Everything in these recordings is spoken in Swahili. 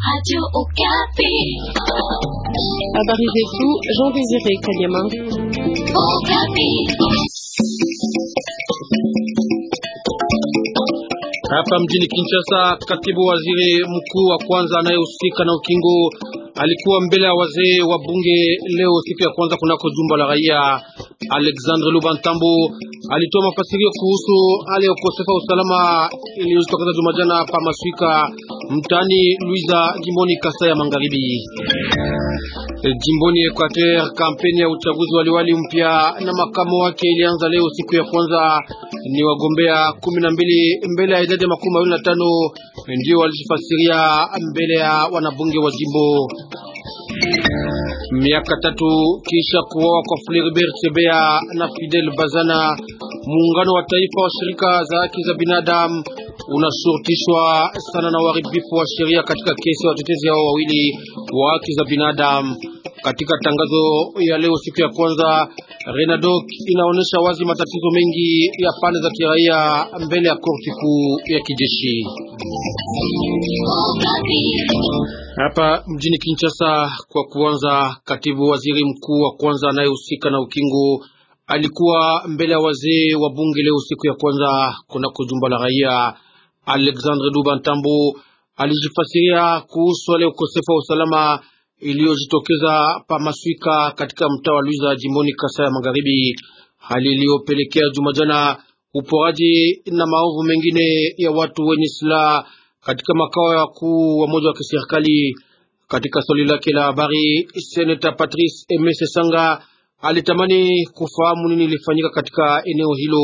Habari zetu Jean Désiré Kanyama. Hapa mjini Kinshasa, katibu waziri mkuu wa kwanza anayehusika na ukingo alikuwa mbele ya wazee wa bunge leo siku ya kwanza kunako jumba la raia. Alexandre Lubantambo alitoa mafasirio kuhusu hali ya ukosefu wa usalama iliyojitokeza jumajana pa Maswika mtani Luiza jimboni Kasa ya Magharibi. Eh, jimboni Equateur, kampeni ya uchaguzi waliwali mpya na makamo wake ilianza leo siku ya kwanza. Ni wagombea kumi na mbili mbele ya idadi ya makumi mawili na tano eh, ndio walijifasiria mbele ya wanabunge wa jimbo. Miaka tatu kisha kuwawa kwa Floribert Chebeya na Fidel Bazana, muungano wa taifa wa shirika za haki za binadamu unashurutishwa sana na uharibifu wa sheria katika kesi ya watetezi hao wawili wa haki za binadamu. Katika tangazo ya leo siku ya kwanza, Renadoc inaonyesha wazi matatizo mengi ya pande za kiraia mbele ya korti kuu ya kijeshi. Hapa mjini Kinshasa, kwa kuanza, katibu waziri mkuu wa kwanza anayehusika na ukingo alikuwa mbele ya wazee wa bunge leo siku ya kwanza kunako jumba la raia. Alexandre Dubantambu alijifasiria kuhusu wale ukosefu wa usalama iliyojitokeza pa Maswika katika mtaa wa Luiza jimboni Kasa ya Magharibi, hali iliyopelekea Jumajana uporaji na maovu mengine ya watu wenye silaha katika makao ya wakuu wa moja wa kiserikali. Katika swali lake la habari, seneta Patrice Emese Sanga alitamani kufahamu nini ilifanyika katika eneo hilo,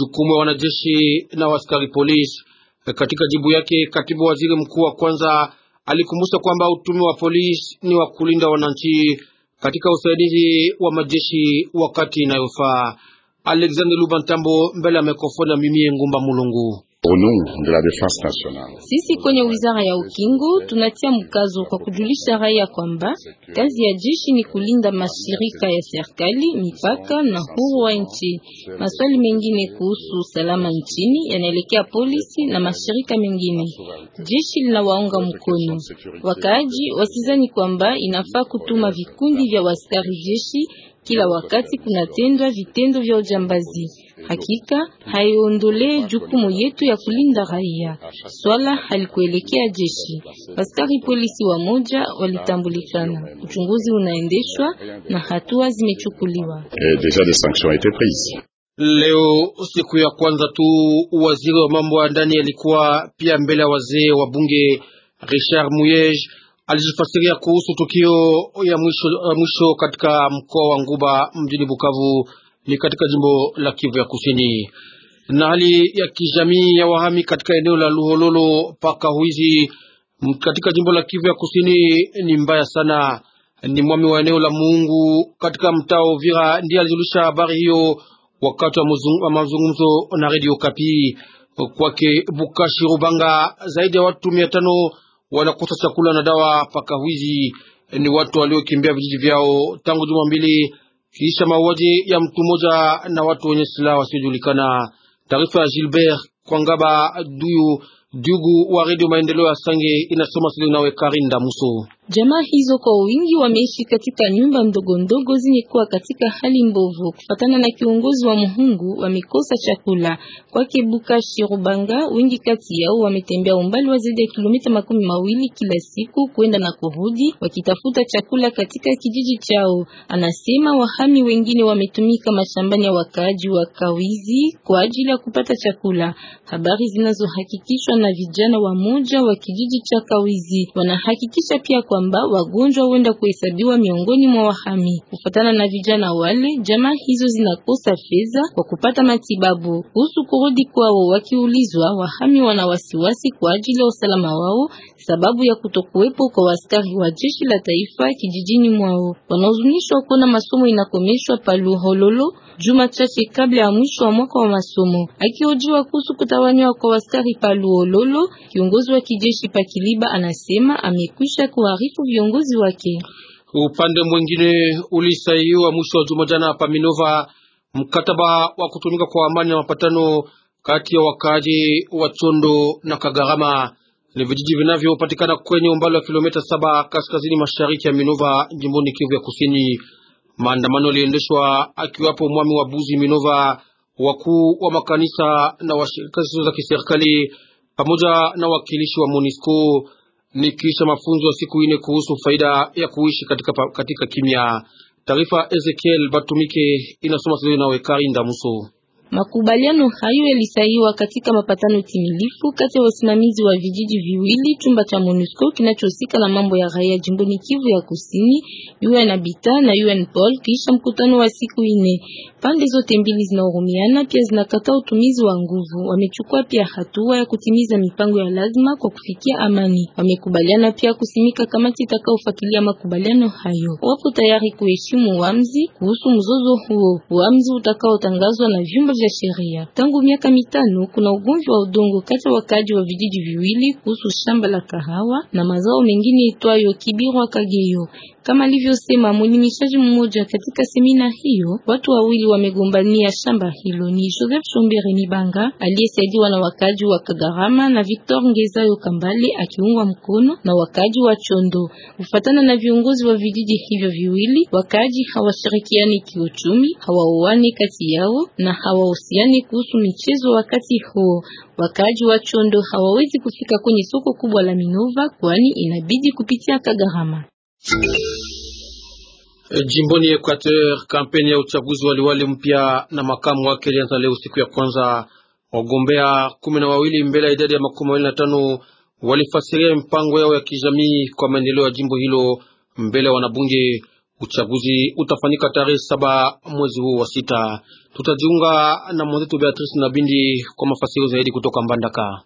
jukumu ya wanajeshi na waskari polisi katika jibu yake, katibu waziri mkuu wa kwanza alikumbusha kwamba utumi wa polisi ni wa kulinda wananchi katika usaidizi wa majeshi wakati inayofaa. Alexander Lubantambo mbele ya mikrofoni ya mimi Ngumba Mulungu. Au nom de la nationale, sisi kwenye wizara ya ukingo tunatia mkazo kwa kujulisha raia kwamba kazi ya jeshi ni kulinda mashirika ya serikali, mipaka na huru wa nchi. Maswali mengine kuhusu usalama nchini yanaelekea polisi na mashirika mengine. Jeshi linawaunga mkono wakaaji, wasizani kwamba inafaa kutuma vikundi vya waskari jeshi kila wakati kunatendwa vitendo vya ujambazi. Hakika haiondolee jukumu yetu ya kulinda raia. Swala halikuelekea jeshi. Askari polisi wa moja walitambulikana. Uchunguzi unaendeshwa na hatua zimechukuliwa. Leo siku ya kwanza tu, waziri wa mambo ya ndani alikuwa pia mbele ya wazee wa bunge Richard muyege alijifasiria kuhusu tukio ya mwisho, mwisho katika mkoa wa Nguba mjini Bukavu ni katika jimbo la Kivu ya Kusini. Na hali ya kijamii ya wahami katika eneo la Luhololo paka Huizi katika jimbo la Kivu ya Kusini ni mbaya sana. Ni mwami wa eneo la Muungu katika mtaa Uvira ndiye alijulisha habari hiyo wakati wa mazungumzo na Radio Kapi. Kwake Bukashi Rubanga, zaidi ya watu mia tano wanakosa chakula na dawa. Paka hizi eh, ni watu waliokimbia vijiji vyao tangu juma mbili kisha mauaji ya mtu mmoja na watu wenye silaha wasiojulikana. Taarifa ya Gilbert Kwangaba Duyu Dugu wa Redio Maendeleo ya Sange inasoma Karinda Muso. Jamaa hizo kwa wingi wameishi katika nyumba ndogo ndogo zenye kuwa katika hali mbovu. Kufatana na kiongozi wa Muhungu, wamekosa chakula. Kwa Kibuka Shirubanga, wengi kati yao wametembea umbali wa zaidi ya kilomita makumi mawili kila siku kwenda na kurudi wakitafuta chakula katika kijiji chao. Anasema wahami wengine wametumika mashambani ya wakaaji wa Kawizi kwa ajili ya kupata chakula. Habari zinazohakikishwa na vijana wa moja wa kijiji cha Kawizi wanahakikisha pia kwamba wagonjwa huenda kuhesabiwa miongoni mwa wahami. Kufuatana na vijana wale, jamaa hizo zinakosa fedha kwa kupata matibabu. Kuhusu kurudi kwao, wakiulizwa, wahami wana wasiwasi kwa ajili ya usalama wao sababu ya kutokuwepo kwa askari wa jeshi la taifa kijijini mwao. Wanahuzunishwa kuona masomo inakomeshwa paluhololo juma chache kabla ya mwisho wa mwaka wa masomo. Akihojiwa kuhusu kutawanywa kwa waskari pa Luololo, kiongozi wa kijeshi pa Kiliba anasema amekwisha kuharifu viongozi wake. Upande mwingine ulisaiwa mwisho wa juma jana pa Minova mkataba wa kutumika kwa amani na mapatano kati ya wakaaji wa Chondo na Kagarama ni vijiji vinavyopatikana kwenye umbali wa kilomita saba kaskazini mashariki ya Minova, jimboni Kivu ya Kusini. Maandamano yaliendeshwa akiwapo mwami wa Buzi Minova, wakuu wa makanisa na washirika zisizo za kiserikali pamoja na wakilishi wa MONUSCO ni kisha mafunzo ya siku ine kuhusu faida ya kuishi katika, katika kimya. Taarifa Ezekiel Batumike inasoma Sidoni nawe Karinda Muso. Makubaliano hayo yalisaiwa katika mapatano timilifu kati ya wasimamizi wa vijiji viwili, chumba cha MONUSCO kinachohusika na mambo ya raia jimboni Kivu ya Kusini, UN Habitat na UN Pol, kisha mkutano wa siku ine. Pande zote mbili zinahurumiana, pia zinakataa utumizi wa nguvu. Wamechukua pia hatua ya kutimiza mipango ya lazima kwa kufikia amani. Wamekubaliana pia kusimika kamati itakayofuatilia makubaliano hayo. Wapo tayari kuheshimu uamuzi kuhusu mzozo huo, uamuzi utakaotangazwa na vyombo vya sheria. Tangu miaka mitano kuna ugomvi wa udongo kati ya wakaaji wa vijiji viwili kuhusu shamba la kahawa na mazao mengine itwayo Kibirwa Kageyo. Kama alivyosema mwenyimishaji mmoja katika semina hiyo, watu wawili wamegombania shamba hilo ni Joseph Shombere Nibanga aliyesaidiwa na wakaji wa Kagarama na Victor Ngezayo Kambale akiungwa mkono na wakaji wa Chondo. Kufuatana na viongozi wa vijiji hivyo viwili, wakaji hawashirikiani kiuchumi, hawaoani kati yao na hawahusiani kuhusu michezo wakati huo. Wakaji wa Chondo hawawezi kufika kwenye soko kubwa la Minova kwani inabidi kupitia Kagarama. E, jimboni Equateur, kampeni ya uchaguzi wa liwali mpya na makamu wake ilianza leo siku ya kwanza. Wagombea kumi na wawili mbele ya idadi ya makumi mawili na tano walifasiria mpango yao ya kijamii kwa maendeleo ya jimbo hilo mbele ya wanabunge. Uchaguzi utafanyika tarehe saba mwezi huu wa sita. Tutajiunga na mwenzetu Beatrice Nabindi kwa mafasiri zaidi kutoka Mbandaka.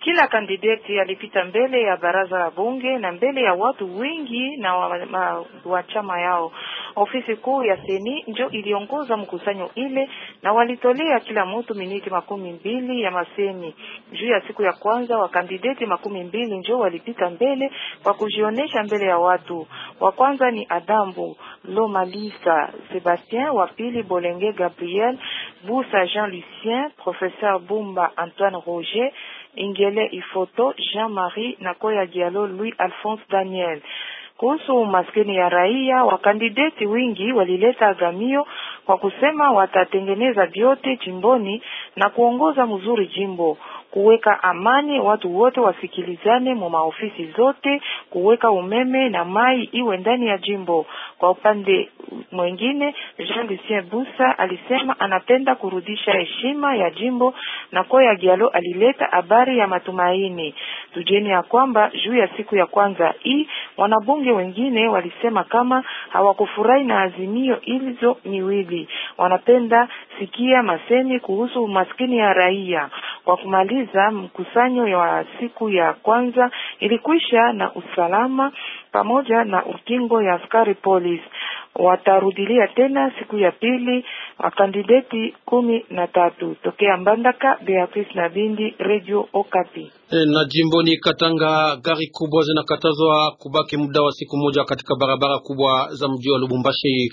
Kila kandideti alipita mbele ya baraza la bunge na mbele ya watu wengi na wa, wa, wa chama yao. Ofisi kuu ya seni ndio iliongoza mkusanyo ile, na walitolea kila mtu miniti makumi mbili ya maseni Juu ya siku ya kwanza wa kandideti makumi mbili ndio walipita mbele kwa kujionyesha mbele ya watu. Wa kwanza ni Adambu Lomalisa Sebastien, wa pili Bolenge Gabriel Busa Jean Lucien, Professeur Bumba Antoine Roger Ingele Ifoto, Jean-Marie Nakoya Diallo, Louis Alphonse Daniel. Kuhusu maskini ya raia, wakandideti wingi walileta agamio kwa kusema watatengeneza vyote jimboni na kuongoza mzuri jimbo, kuweka amani, watu wote wasikilizane mu maofisi zote, kuweka umeme na mai iwe ndani ya jimbo. Kwa upande mwingine, Jean Lucien Busa alisema anapenda kurudisha heshima ya jimbo na Koya Gialo alileta habari ya matumaini. Tujeni ya kwamba juu ya siku ya kwanza hii wanabunge wengine walisema kama hawakufurahi na azimio hizo miwili, wanapenda sikia masemi kuhusu umaskini ya raia kwa kumaliza mkusanyo wa siku ya kwanza ilikuisha na usalama pamoja na ukingo ya askari polisi. Watarudilia tena siku ya pili wakandideti kumi na tatu tokea Mbandaka. Beatrice na Bindi, Radio Okapi. E, na jimboni Katanga gari kubwa zinakatazwa kubaki muda wa siku moja katika barabara kubwa za mji wa Lubumbashi.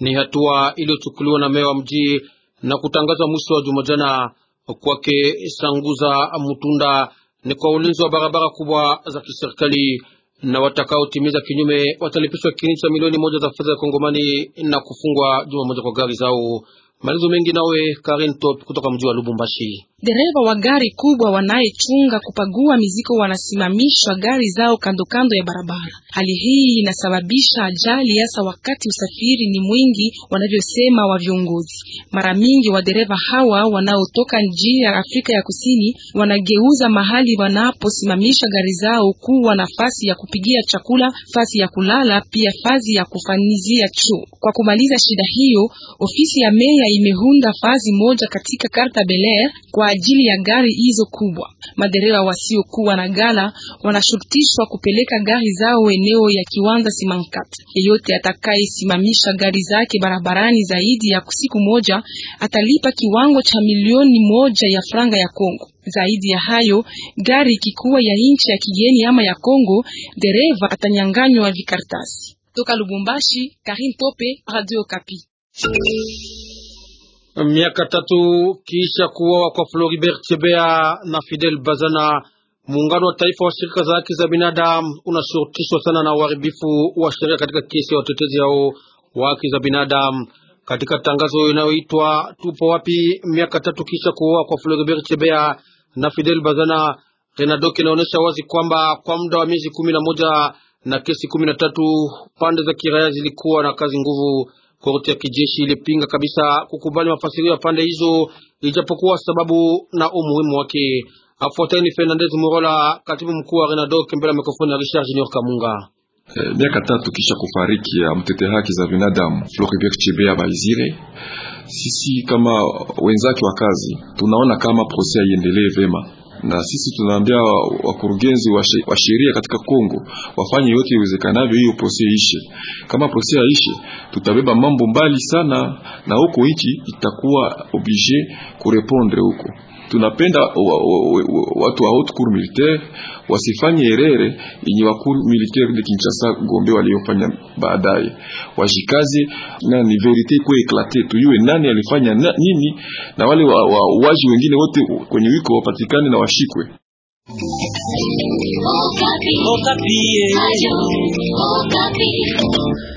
Ni hatua iliyochukuliwa na meya wa mji na kutangazwa mwisho wa juma jana kwake Sanguza Mutunda ni kwa ulinzi wa barabara kubwa za kiserikali, na watakaotimiza kinyume watalipishwa kiini cha milioni moja za fedha ya Kongomani na kufungwa juma moja kwa gari zao. Maelezo mengi nawe Karin Top kutoka mji wa Lubumbashi. Dereva wa gari kubwa wanayechunga kupagua mizigo wanasimamishwa gari zao kando kando ya barabara. Hali hii inasababisha ajali, hasa wakati usafiri ni mwingi, wanavyosema wa viongozi. Mara mingi wadereva hawa wanaotoka njia ya Afrika ya Kusini wanageuza mahali wanaposimamisha gari zao kuwa nafasi ya kupigia chakula, fasi ya kulala, pia fazi ya kufanizia choo. Kwa kumaliza shida hiyo, ofisi ya meya imeunda fazi moja katika Karta Belair kwa ajili ya gari hizo kubwa. Madereva wasiokuwa na gala wanashurutishwa kupeleka gari zao eneo ya kiwanda Simankat. Yeyote atakayesimamisha gari zake barabarani zaidi ya siku moja atalipa kiwango cha milioni moja ya franga ya Kongo. Zaidi ya hayo, gari ikikuwa ya nchi ya kigeni ama ya Kongo, dereva atanyanganywa vikartasi. Toka Lubumbashi, Karim Tope, Radio Kapi miaka tatu kisha kuwawa kwa Floribert chebea na Fidel Bazana. Muungano wa taifa wa shirika za haki za binadamu unashurutishwa sana na uharibifu wa sheria katika kesi ya watetezi hao wa haki za binadamu. Katika tangazo inayoitwa tupo wapi, miaka tatu kisha kuoa kwa Floribert Chebeya na Fidel Bazana, renadok inaonyesha wazi kwamba kwa muda wa miezi kumi na moja na kesi kumi na tatu pande za kiraia zilikuwa na kazi nguvu Korti ya kijeshi ilipinga kabisa kukubali mafasirio ya pande hizo, ijapokuwa sababu na umuhimu wake. Afuateni Fernandez Morola, katibu mkuu wa Renadoc, mbele ya mikrofoni ya Richard Junior Kamunga. Eh, miaka tatu kisha kufariki ya mtete haki za binadamu Floribert Chebeya Baizire, sisi kama wenzake wa kazi tunaona kama prosesi haiendelee vema na sisi tunaambia wakurugenzi wa sheria katika Kongo wafanye yote iwezekanavyo hiyo prose ishe. Kama prose ishe, tutabeba mambo mbali sana, na huko nchi itakuwa oblige kurepondre huko tunapenda watu wa haute cour militaire wasifanye erere yenye wa cour militaire de Kinshasa Gombe waliofanya baadaye. wajikaze na ni verite ikuwe eklate, tuyue nani alifanya na, nini na wale wauaji wa, wengine wote kwenye wiko wapatikane na washikwe. Okapi. Oh, Okapi. Oh,